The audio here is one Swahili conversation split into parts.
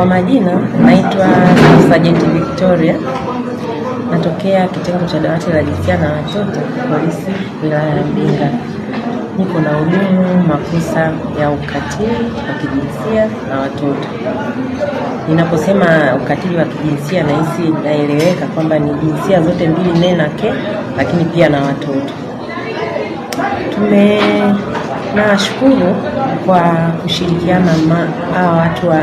Kwa majina naitwa Sajenti Victoria, natokea kitengo cha dawati la jinsia na watoto polisi wilaya ya Mbinga. Niko na hudumu makosa ya ukatili wa kijinsia na watoto. Ninaposema ukatili wa kijinsia, nahisi naeleweka kwamba ni jinsia zote mbili, nena ke, lakini pia na watoto. Tume nashukuru kwa kushirikiana hawa watu wa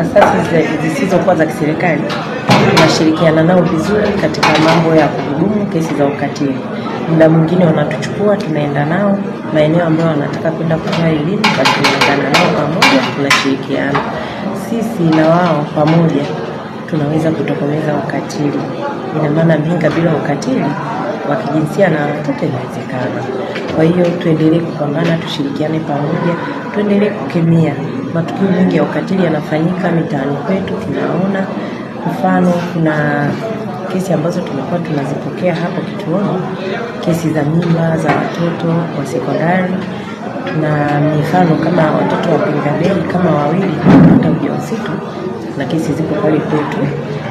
asasi zisizokuwa za kiserikali tunashirikiana nao vizuri katika mambo ya kuhudumu kesi za ukatili. Muda mwingine wanatuchukua tunaenda nao maeneo ambayo wanataka kwenda kutoa elimu, basi tunaungana nao pamoja, tunashirikiana sisi na wao pamoja, tunaweza kutokomeza ukatili. Ina maana Mbinga bila ukatili wa kijinsia na watoto inawezekana. Kwa hiyo tuendelee kupambana, tushirikiane pamoja, tuendelee kukemea matukio mengi ya ukatili yanafanyika mitaani kwetu, tunaona mfano, kuna kesi ambazo tumekuwa tunazipokea hapo kituoni, kesi za mimba za watoto wa sekondari na mifano kama watoto wa Pingadei kama wawili kupata ujauzito na kesi ziko pale kwetu,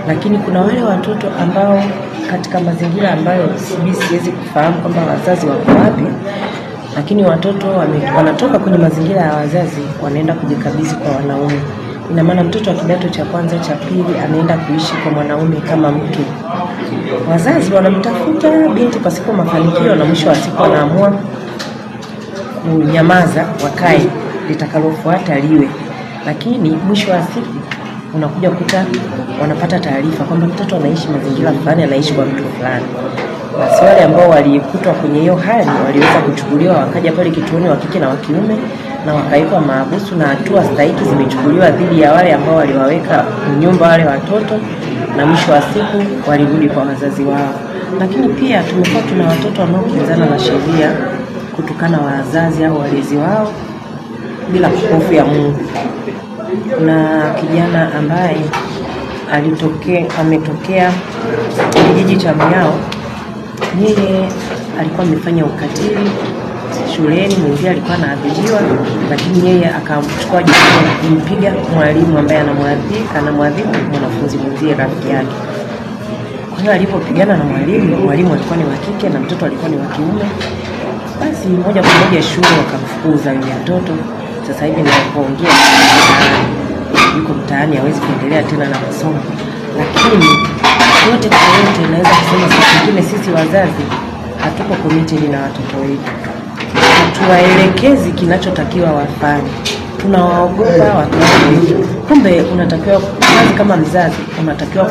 lakini kuna wale watoto ambao katika mazingira ambayo sibi siwezi kufahamu kwamba wazazi wako wapi lakini watoto wame, wanatoka kwenye mazingira ya wazazi wanaenda kujikabidhi kwa wanaume. Ina maana mtoto wa kidato cha kwanza cha pili anaenda kuishi kwa mwanaume kama mke. Wazazi wanamtafuta binti pasipo mafanikio, na mwisho wa siku anaamua kunyamaza, wakae litakalofuata liwe, lakini mwisho wa siku unakuja kuta wanapata taarifa kwamba mtoto anaishi mazingira fulani, anaishi kwa mtu fulani. Basi wale ambao walikutwa kwenye hiyo hali waliweza kuchukuliwa, wakaja pale kituoni, wa kike na wa kiume, na wakawekwa mahabusu, na hatua stahiki zimechukuliwa dhidi ya wale ambao waliwaweka nyumba wale watoto, na mwisho wa siku walirudi kwa wazazi wao. Lakini pia tumekuwa tuna watoto wanaokinzana na sheria kutokana wazazi au walezi wao bila hofu ya Mungu. Kuna kijana ambaye alitokea ametokea kijiji cha Miao yeye alikuwa amefanya ukatili shuleni, mwenzie alikuwa anaadhibiwa, lakini yeye akamchukua jukumu la kumpiga mwalimu ambaye anamwadhibu mwanafunzi mwenzie, rafiki yake. Kwa hiyo alipopigana na mwalimu, mwalimu alikuwa ni wa kike na mtoto alikuwa ni wa kiume, basi moja kwa moja shule wakamfukuza yule mtoto. Sasa hivi ninapoongea yuko mtaani, hawezi kuendelea tena na masomo, lakini yote kwa yote, inaweza kusema sisi wengine, sisi wazazi hatuko committed na watoto wetu, tuwaelekezi kinachotakiwa wafanye, tunawaogopa watoto wetu. Kumbe unatakiwa kazi kama mzazi, unatakiwa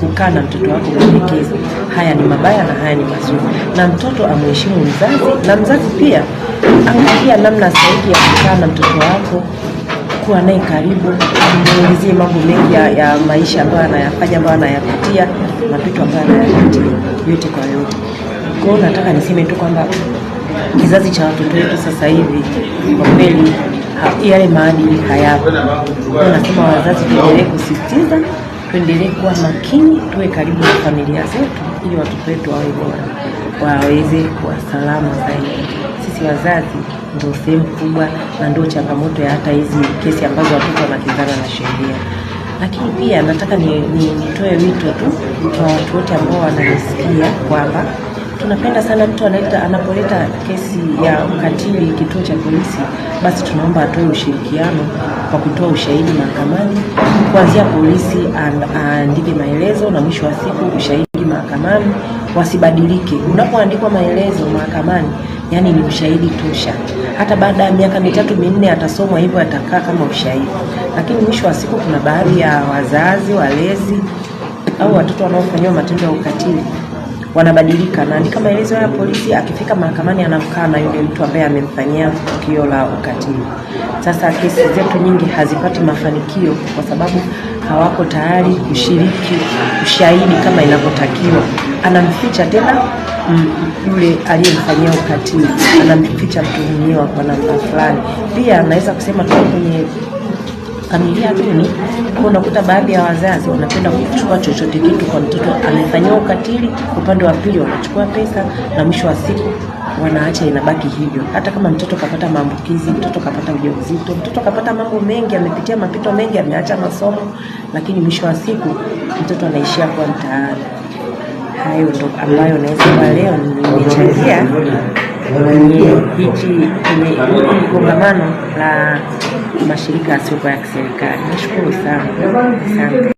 kukaa na mtoto wako, kuelekeza haya ni mabaya na haya ni mazuri, na mtoto amheshimu mzazi, na mzazi pia angalia namna sahihi ya kukaa na mtoto wako mtu naye karibu nimuulizie mambo mengi ya, ya maisha ambayo anayafanya ambayo anayapitia mapito ambayo anayapitia yote kwa yote. Kwa hiyo nataka niseme tu kwamba kizazi cha watoto wetu sasa hivi kwa kweli yale maadili hayapo. Nasema wazazi tuendelee kusisitiza, tuendelee kuwa makini, tuwe karibu na familia zetu ili watoto wetu wawe bora, waweze kuwa salama zaidi sisi wazazi ndio sehemu kubwa na ndio changamoto ya hata hizi kesi ambazo watoto wanakinzana na sheria. Lakini pia nataka nitoe ni wito tu kwa watu wote ambao wananisikia kwamba tunapenda sana mtu anaita anapoleta kesi ya ukatili kituo cha polisi, basi tunaomba atoe ushirikiano kwa kutoa ushahidi mahakamani, kuanzia polisi aandike maelezo na mwisho wa siku ushahidi mahakamani, wasibadilike. Unapoandikwa maelezo mahakamani yani ni ushahidi tosha. Hata baada ya miaka mitatu minne atasomwa hivyo, atakaa kama ushahidi. Lakini mwisho wa siku, kuna baadhi ya wazazi, walezi au watoto wanaofanyiwa matendo ya ukatili wanabadilika, na ni kama elezo ya polisi, akifika mahakamani anamkaa na yule mtu ambaye amemfanyia tukio la ukatili. Sasa kesi zetu nyingi hazipati mafanikio kwa sababu hawako tayari kushiriki ushahidi kama inavyotakiwa. Anamficha tena yule aliyemfanyia ukatili, anamficha mtuhumiwa kwa namna fulani. Pia anaweza kusema tu kwenye familia duni, unakuta baadhi ya wazazi wanapenda kuchukua chochote kitu kwa mtoto amefanyia ukatili, upande wa pili wanachukua pesa, na mwisho wa siku wanaacha inabaki hivyo. Hata kama mtoto kapata maambukizi, mtoto kapata ujauzito, mtoto kapata mambo mengi, amepitia mapito mengi, ameacha masomo, lakini mwisho wa siku mtoto anaishia kuwa mtaani. Hayo ndo ambayo naweza kwa leo nimechangia kwenye kongamano la mashirika yasiyokuwa ya kiserikali. Nashukuru sana, asante.